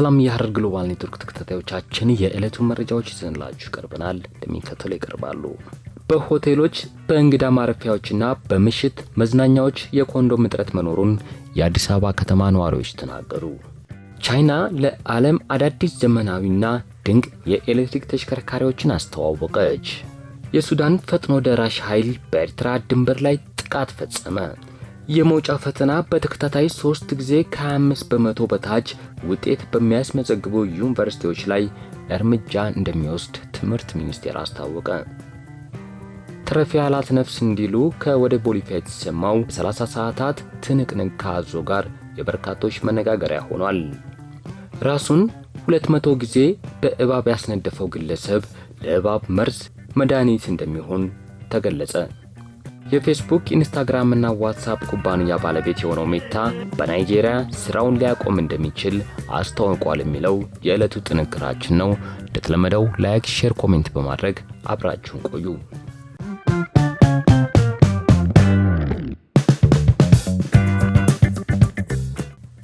ሰላም የሐረር ግሎባል ኔትወርክ ተከታታዮቻችን የዕለቱን መረጃዎች ይዘንላችሁ ቀርበናል። እንደሚከተለው ይቀርባሉ። በሆቴሎች በእንግዳ ማረፊያዎችና በምሽት መዝናኛዎች የኮንዶም እጥረት መኖሩን የአዲስ አበባ ከተማ ነዋሪዎች ተናገሩ። ቻይና ለዓለም አዳዲስ ዘመናዊና ድንቅ የኤሌክትሪክ ተሽከርካሪዎችን አስተዋወቀች። የሱዳን ፈጥኖ ደራሽ ኃይል በኤርትራ ድንበር ላይ ጥቃት ፈጸመ። የመውጫ ፈተና በተከታታይ ሶስት ጊዜ ከ25 በመቶ በታች ውጤት በሚያስመዘግቡ ዩኒቨርሲቲዎች ላይ እርምጃ እንደሚወስድ ትምህርት ሚኒስቴር አስታወቀ። ትረፊ ያላት ነፍስ እንዲሉ ከወደ ቦሊቪያ የተሰማው 30 ሰዓታት ትንቅንቅ ከአዞ ጋር የበርካቶች መነጋገሪያ ሆኗል። ራሱን 200 ጊዜ በእባብ ያስነደፈው ግለሰብ ለእባብ መርዝ መድኃኒት እንደሚሆን ተገለጸ። የፌስቡክ ኢንስታግራም እና ዋትሳፕ ኩባንያ ባለቤት የሆነው ሜታ በናይጄሪያ ስራውን ሊያቆም እንደሚችል አስታውቋል የሚለው የዕለቱ ጥንክራችን ነው። እንደተለመደው ላይክ፣ ሼር፣ ኮሜንት በማድረግ አብራችሁን ቆዩ።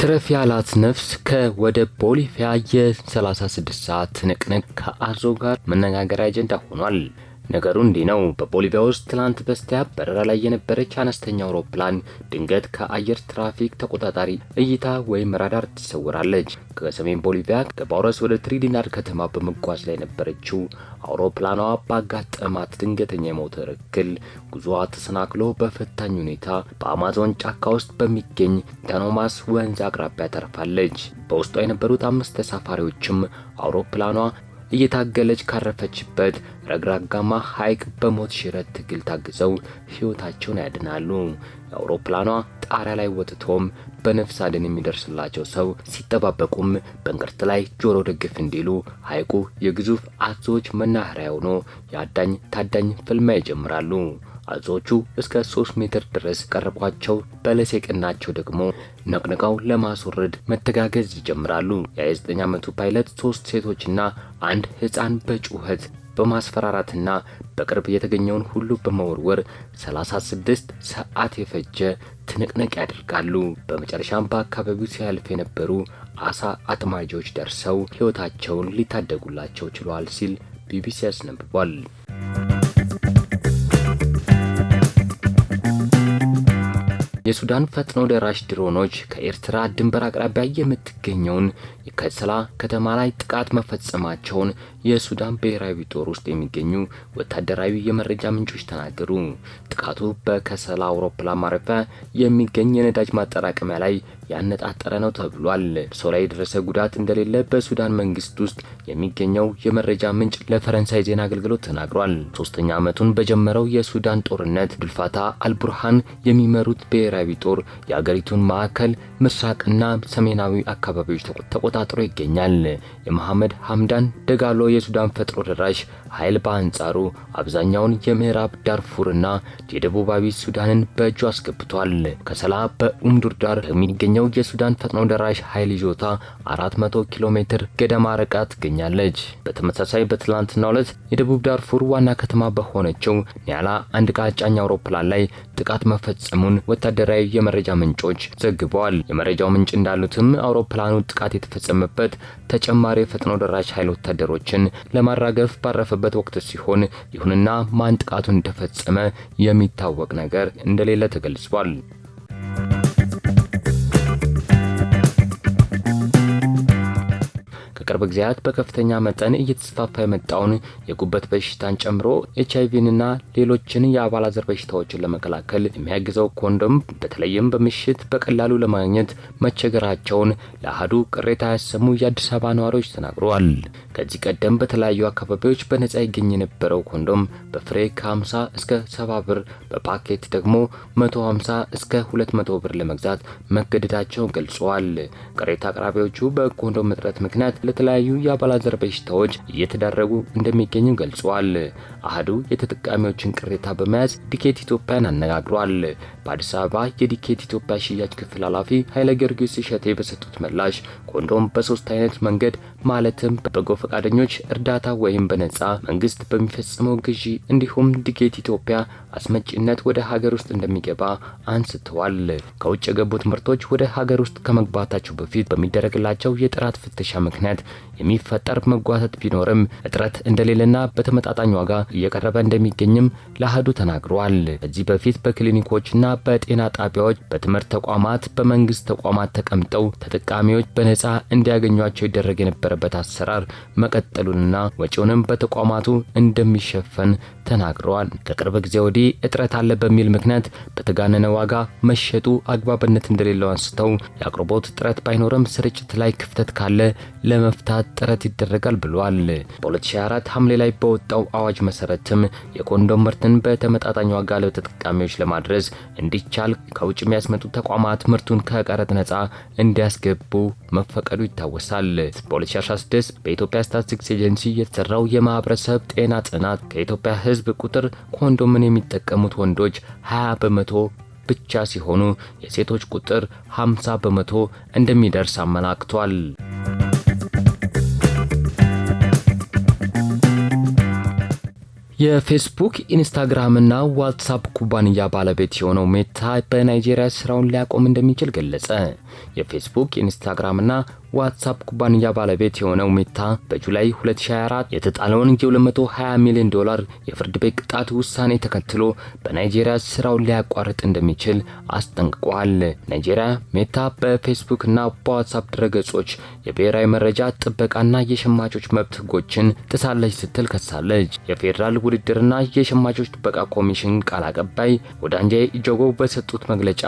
ትረፍ ያላት ነፍስ ከወደ ቦሊቪያ የ36 ሰዓት ትንቅንቅ ከአዞ ጋር መነጋገሪያ አጀንዳ ሆኗል። ነገሩ እንዲህ ነው። በቦሊቪያ ውስጥ ትላንት በስቲያ በረራ ላይ የነበረች አነስተኛ አውሮፕላን ድንገት ከአየር ትራፊክ ተቆጣጣሪ እይታ ወይም ራዳር ትሰወራለች። ከሰሜን ቦሊቪያ ከባውረስ ወደ ትሪዲናድ ከተማ በመጓዝ ላይ የነበረችው አውሮፕላኗ ባጋጠማት ድንገተኛ የሞተር እክል ጉዞዋ ተሰናክሎ በፈታኝ ሁኔታ በአማዞን ጫካ ውስጥ በሚገኝ ተኖማስ ወንዝ አቅራቢያ ተርፋለች። በውስጧ የነበሩት አምስት ተሳፋሪዎችም አውሮፕላኗ እየታገለች ካረፈችበት ረግራጋማ ሐይቅ በሞት ሽረት ትግል ታግዘው ሕይወታቸውን ያድናሉ። የአውሮፕላኗ ጣሪያ ላይ ወጥቶም በነፍስ አድን የሚደርስላቸው ሰው ሲጠባበቁም በእንቅርት ላይ ጆሮ ደግፍ እንዲሉ ሐይቁ የግዙፍ አዞዎች መናኸሪያ ሆኖ የአዳኝ ታዳኝ ፍልሚያ ይጀምራሉ። አዞቹ እስከ 3 ሜትር ድረስ ቀረቧቸው። በለስ ደግሞ ነቅንቀው ለማስወረድ መተጋገዝ ይጀምራሉ። የ29 ዓመቱ ፓይለት ሶስት ሴቶችና አንድ ሕፃን በጩኸት በማስፈራራትና በቅርብ የተገኘውን ሁሉ በመወርወር 36 ሰዓት የፈጀ ትንቅንቅ ያደርጋሉ። በመጨረሻም በአካባቢው ሲያልፍ የነበሩ አሳ አጥማጆች ደርሰው ሕይወታቸውን ሊታደጉላቸው ችሏል ሲል ቢቢሲ አስነብቧል። የሱዳን ፈጥኖ ደራሽ ድሮኖች ከኤርትራ ድንበር አቅራቢያ የምትገኘውን የከሰላ ከተማ ላይ ጥቃት መፈጸማቸውን የሱዳን ብሔራዊ ጦር ውስጥ የሚገኙ ወታደራዊ የመረጃ ምንጮች ተናገሩ። ጥቃቱ በከሰላ አውሮፕላን ማረፊያ የሚገኝ የነዳጅ ማጠራቀሚያ ላይ ያነጣጠረ ነው ተብሏል። ሰው ላይ የደረሰ ጉዳት እንደሌለ በሱዳን መንግስት ውስጥ የሚገኘው የመረጃ ምንጭ ለፈረንሳይ ዜና አገልግሎት ተናግሯል። ሶስተኛ ዓመቱን በጀመረው የሱዳን ጦርነት ዱልፋታ አልቡርሃን የሚመሩት ብሔራዊ ጦር የአገሪቱን ማዕከል ምስራቅና ሰሜናዊ አካባቢዎች ተቆጣ ተቆጣጥሮ ይገኛል። የመሐመድ ሐምዳን ደጋሎ የሱዳን ፈጥሮ ደራሽ ኃይል በአንጻሩ አብዛኛውን የምዕራብ ዳርፉርና የደቡባዊ ሱዳንን በእጁ አስገብቷል። ከሰላ በኡምዱር ዳር የሚገኘው የሱዳን ፈጥኖ ደራሽ ኃይል ይዞታ 400 ኪሎ ሜትር ገደማ ርቃ ትገኛለች። በተመሳሳይ በትላንትናው ዕለት የደቡብ ዳርፉር ዋና ከተማ በሆነችው ኒያላ አንድ ቃጫኝ አውሮፕላን ላይ ጥቃት መፈጸሙን ወታደራዊ የመረጃ ምንጮች ዘግበዋል። የመረጃው ምንጭ እንዳሉትም አውሮፕላኑ ጥቃት የተፈጸመበት ተጨማሪ የፈጥኖ ደራሽ ኃይል ወታደሮችን ለማራገፍ ባረፈበት ወቅት ሲሆን ይሁንና ማን ጥቃቱን እንደተፈጸመ የሚታወቅ ነገር እንደሌለ ተገልጿል። በቅርብ ጊዜያት በከፍተኛ መጠን እየተስፋፋ የመጣውን የጉበት በሽታን ጨምሮ ኤች አይቪንና ሌሎችን የአባላዘር በሽታዎችን ለመከላከል የሚያግዘው ኮንዶም በተለይም በምሽት በቀላሉ ለማግኘት መቸገራቸውን ለአህዱ ቅሬታ ያሰሙ የአዲስ አበባ ነዋሪዎች ተናግረዋል። ከዚህ ቀደም በተለያዩ አካባቢዎች በነጻ ይገኝ የነበረው ኮንዶም በፍሬ ከ50 እስከ 70 ብር በፓኬት ደግሞ 150 እስከ 200 ብር ለመግዛት መገደዳቸውን ገልጸዋል። ቅሬታ አቅራቢዎቹ በኮንዶም እጥረት ምክንያት ለተለያዩ የአባላዘር በሽታዎች እየተዳረጉ እንደሚገኙ ገልጿል። አህዱ የተጠቃሚዎችን ቅሬታ በመያዝ ዲኬት ኢትዮጵያን አነጋግሯል። በአዲስ አበባ የዲኬት ኢትዮጵያ ሽያጭ ክፍል ኃላፊ ኃይለ ጊዮርጊስ እሸቴ በሰጡት ምላሽ ኮንዶም በሶስት አይነት መንገድ ማለትም በበጎ ፈቃደኞች እርዳታ ወይም በነጻ መንግስት በሚፈጽመው ግዢ እንዲሁም ዲኬት ኢትዮጵያ አስመጪነት ወደ ሀገር ውስጥ እንደሚገባ አንስተዋል። ከውጭ የገቡት ምርቶች ወደ ሀገር ውስጥ ከመግባታቸው በፊት በሚደረግላቸው የጥራት ፍተሻ ምክንያት የሚፈጠር መጓተት ቢኖርም እጥረት እንደሌለና በተመጣጣኝ ዋጋ እየቀረበ እንደሚገኝም ለአህዱ ተናግረዋል። ከዚህ በፊት በክሊኒኮችና በጤና ጣቢያዎች፣ በትምህርት ተቋማት፣ በመንግስት ተቋማት ተቀምጠው ተጠቃሚዎች በነፃ እንዲያገኟቸው ይደረግ የነበረበት አሰራር መቀጠሉንና ወጪውንም በተቋማቱ እንደሚሸፈን ተናግረዋል። ከቅርብ ጊዜ ወዲህ እጥረት አለ በሚል ምክንያት በተጋነነ ዋጋ መሸጡ አግባብነት እንደሌለው አንስተው የአቅርቦት እጥረት ባይኖርም ስርጭት ላይ ክፍተት ካለ ለመፍታት ለማስቀረት ጥረት ይደረጋል ብሏል። በ2024 ሐምሌ ላይ በወጣው አዋጅ መሰረትም የኮንዶም ምርትን በተመጣጣኝ ዋጋ ለተጠቃሚዎች ለማድረስ እንዲቻል ከውጭ የሚያስመጡ ተቋማት ምርቱን ከቀረጥ ነጻ እንዲያስገቡ መፈቀዱ ይታወሳል። በ2016 በኢትዮጵያ ስታትስቲክስ ኤጀንሲ የተሰራው የማህበረሰብ ጤና ጥናት ከኢትዮጵያ ሕዝብ ቁጥር ኮንዶምን የሚጠቀሙት ወንዶች 20 በመቶ ብቻ ሲሆኑ የሴቶች ቁጥር 50 በመቶ እንደሚደርስ አመላክቷል። የፌስቡክ ኢንስታግራምና ዋትሳፕ ኩባንያ ባለቤት የሆነው ሜታ በናይጄሪያ ስራውን ሊያቆም እንደሚችል ገለጸ። የፌስቡክ ኢንስታግራም እና ዋትሳፕ ኩባንያ ባለቤት የሆነው ሜታ በጁላይ 2024 የተጣለውን የ220 ሚሊዮን ዶላር የፍርድ ቤት ቅጣት ውሳኔ ተከትሎ በናይጄሪያ ስራውን ሊያቋርጥ እንደሚችል አስጠንቅቋል። ናይጄሪያ ሜታ በፌስቡክ እና በዋትሳፕ ድረገጾች የብሔራዊ መረጃ ጥበቃና የሸማቾች መብት ህጎችን ጥሳለች ስትል ከሳለች። የፌዴራል ውድድርና የሸማቾች ጥበቃ ኮሚሽን ቃል አቀባይ ወዳንጄ ኢጆጎ በሰጡት መግለጫ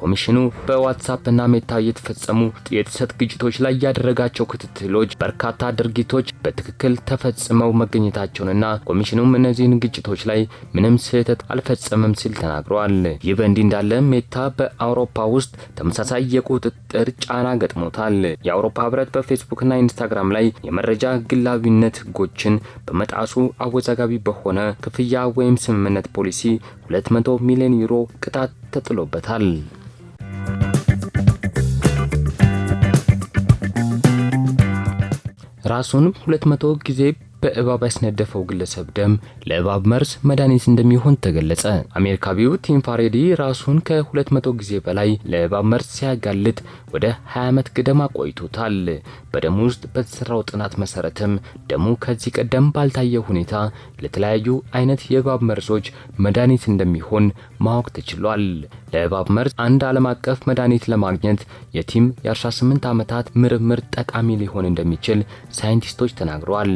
ኮሚሽኑ በዋትሳፕ እና ሜታ በርካታ የተፈጸሙ የጥሰት ግጭቶች ላይ ያደረጋቸው ክትትሎች በርካታ ድርጊቶች በትክክል ተፈጽመው መገኘታቸውንና ኮሚሽኑም እነዚህን ግጭቶች ላይ ምንም ስህተት አልፈጸመም ሲል ተናግረዋል። ይህ በእንዲህ እንዳለ ሜታ በአውሮፓ ውስጥ ተመሳሳይ የቁጥጥር ጫና ገጥሞታል። የአውሮፓ ህብረት በፌስቡክና ኢንስታግራም ላይ የመረጃ ግላዊነት ህጎችን በመጣሱ አወዛጋቢ በሆነ ክፍያ ወይም ስምምነት ፖሊሲ 200 ሚሊዮን ዩሮ ቅጣት ተጥሎበታል። ራሱንም 200 ጊዜ በእባብ ያስነደፈው ግለሰብ ደም ለእባብ መርዝ መድኃኒት እንደሚሆን ተገለጸ። አሜሪካዊው ቲም ፋሬዲ ራሱን ከ200 ጊዜ በላይ ለእባብ መርዝ ሲያጋልጥ ወደ 20 ዓመት ገደማ ቆይቶታል። በደም ውስጥ በተሰራው ጥናት መሰረትም ደሙ ከዚህ ቀደም ባልታየ ሁኔታ ለተለያዩ አይነት የእባብ መርዞች መድኃኒት እንደሚሆን ማወቅ ተችሏል። ለእባብ መርዝ አንድ ዓለም አቀፍ መድኃኒት ለማግኘት የቲም የ18 ዓመታት ምርምር ጠቃሚ ሊሆን እንደሚችል ሳይንቲስቶች ተናግረዋል።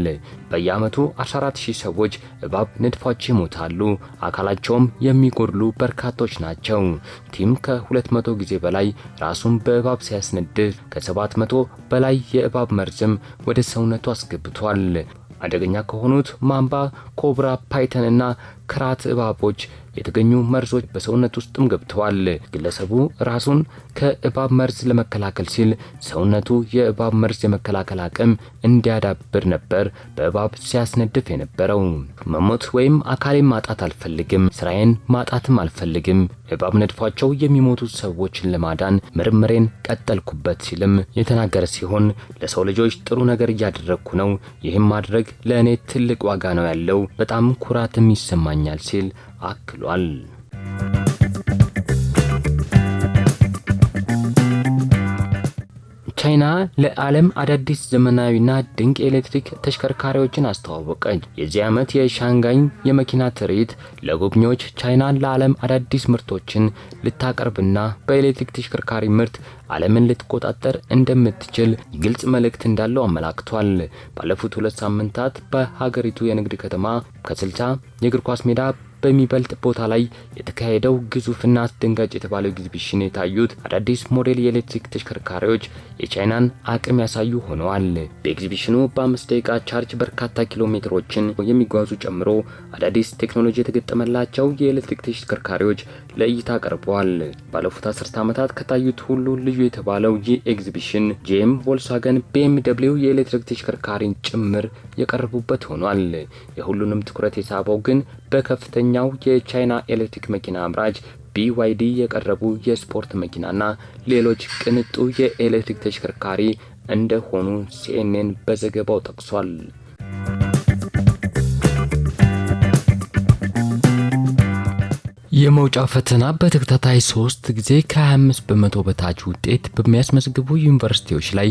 በየዓመቱ 14000 ሰዎች እባብ ንድፋቸው ይሞታሉ። አካላቸውም የሚጎድሉ በርካቶች ናቸው። ቲም ከ200 ጊዜ በላይ ራሱን በእባብ ሲያስነድፍ ከ700 በላይ የእባብ መርዝም ወደ ሰውነቱ አስገብቷል። አደገኛ ከሆኑት ማምባ፣ ኮብራ፣ ፓይተን እና ክራት እባቦች የተገኙ መርዞች በሰውነት ውስጥም ገብተዋል። ግለሰቡ ራሱን ከእባብ መርዝ ለመከላከል ሲል ሰውነቱ የእባብ መርዝ የመከላከል አቅም እንዲያዳብር ነበር በእባብ ሲያስነድፍ የነበረው። መሞት ወይም አካሌን ማጣት አልፈልግም፣ ስራዬን ማጣትም አልፈልግም። እባብ ነድፏቸው የሚሞቱ ሰዎችን ለማዳን ምርምሬን ቀጠልኩበት ሲልም የተናገረ ሲሆን ለሰው ልጆች ጥሩ ነገር እያደረግኩ ነው። ይህም ማድረግ ለእኔ ትልቅ ዋጋ ነው ያለው። በጣም ኩራትም ይሰማኛል ይሰማኛል ሲል አክሏል። ቻይና ለዓለም አዳዲስ ዘመናዊና ድንቅ የኤሌክትሪክ ተሽከርካሪዎችን አስተዋወቀች። የዚህ ዓመት የሻንጋይ የመኪና ትርኢት ለጎብኚዎች ቻይና ለዓለም አዳዲስ ምርቶችን ልታቀርብና በኤሌክትሪክ ተሽከርካሪ ምርት ዓለምን ልትቆጣጠር እንደምትችል ግልጽ መልእክት እንዳለው አመላክቷል። ባለፉት ሁለት ሳምንታት በሀገሪቱ የንግድ ከተማ ከ60 የእግር ኳስ ሜዳ በሚበልጥ ቦታ ላይ የተካሄደው ግዙፍና አስደንጋጭ የተባለው ኤግዚቢሽን የታዩት አዳዲስ ሞዴል የኤሌክትሪክ ተሽከርካሪዎች የቻይናን አቅም ያሳዩ ሆነዋል። በኤግዚቢሽኑ በአምስት ደቂቃ ቻርጅ በርካታ ኪሎ ሜትሮችን የሚጓዙ ጨምሮ አዳዲስ ቴክኖሎጂ የተገጠመላቸው የኤሌክትሪክ ተሽከርካሪዎች ለእይታ ቀርበዋል። ባለፉት አስርት ዓመታት ከታዩት ሁሉ ልዩ የተባለው ይህ ኤግዚቢሽን ጄም፣ ቮልስዋገን፣ ቢኤምደብሊው የኤሌክትሪክ ተሽከርካሪን ጭምር የቀረቡበት ሆኗል። የሁሉንም ትኩረት የሳበው ግን በከፍተኛ ሌላኛው የቻይና ኤሌክትሪክ መኪና አምራች ቢዋይዲ የቀረቡ የስፖርት መኪናና ሌሎች ቅንጡ የኤሌክትሪክ ተሽከርካሪ እንደሆኑ ሲኤንኤን በዘገባው ጠቅሷል። የመውጫ ፈተና በተከታታይ ሶስት ጊዜ ከ25 በመቶ በታች ውጤት በሚያስመዘግቡ ዩኒቨርሲቲዎች ላይ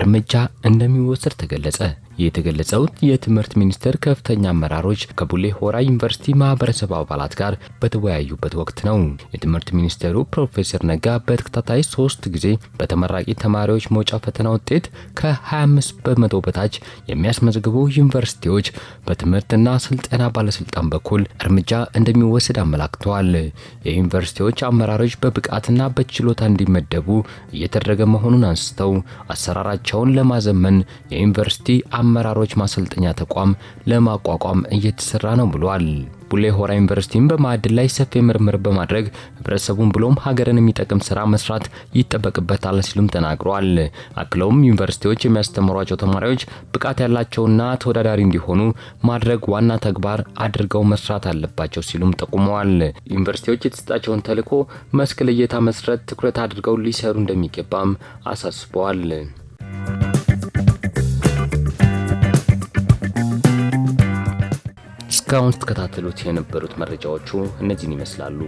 እርምጃ እንደሚወሰድ ተገለጸ። የተገለጸው የትምህርት ሚኒስቴር ከፍተኛ አመራሮች ከቡሌ ሆራ ዩኒቨርሲቲ ማህበረሰብ አባላት ጋር በተወያዩበት ወቅት ነው። የትምህርት ሚኒስቴሩ ፕሮፌሰር ነጋ በተከታታይ ሶስት ጊዜ በተመራቂ ተማሪዎች መውጫ ፈተና ውጤት ከ25 በመቶ በታች የሚያስመዘግቡ ዩኒቨርሲቲዎች በትምህርትና ስልጠና ባለስልጣን በኩል እርምጃ እንደሚወሰድ አመላክተዋል። የዩኒቨርሲቲዎች አመራሮች በብቃትና በችሎታ እንዲመደቡ እየተደረገ መሆኑን አንስተው አሰራራቸውን ለማዘመን የዩኒቨርሲቲ አመራሮች ማሰልጠኛ ተቋም ለማቋቋም እየተሰራ ነው ብሏል። ቡሌ ሆራ ዩኒቨርሲቲን በማዕድን ላይ ሰፊ ምርምር በማድረግ ህብረተሰቡን ብሎም ሀገርን የሚጠቅም ስራ መስራት ይጠበቅበታል ሲሉም ተናግረዋል። አክለውም ዩኒቨርሲቲዎች የሚያስተምሯቸው ተማሪዎች ብቃት ያላቸውና ተወዳዳሪ እንዲሆኑ ማድረግ ዋና ተግባር አድርገው መስራት አለባቸው ሲሉም ጠቁመዋል። ዩኒቨርሲቲዎች የተሰጣቸውን ተልዕኮ መስክ ለየታ መስረት ትኩረት አድርገው ሊሰሩ እንደሚገባም አሳስበዋል። እስካሁን ስትከታተሉት የነበሩት መረጃዎቹ እነዚህን ይመስላሉ።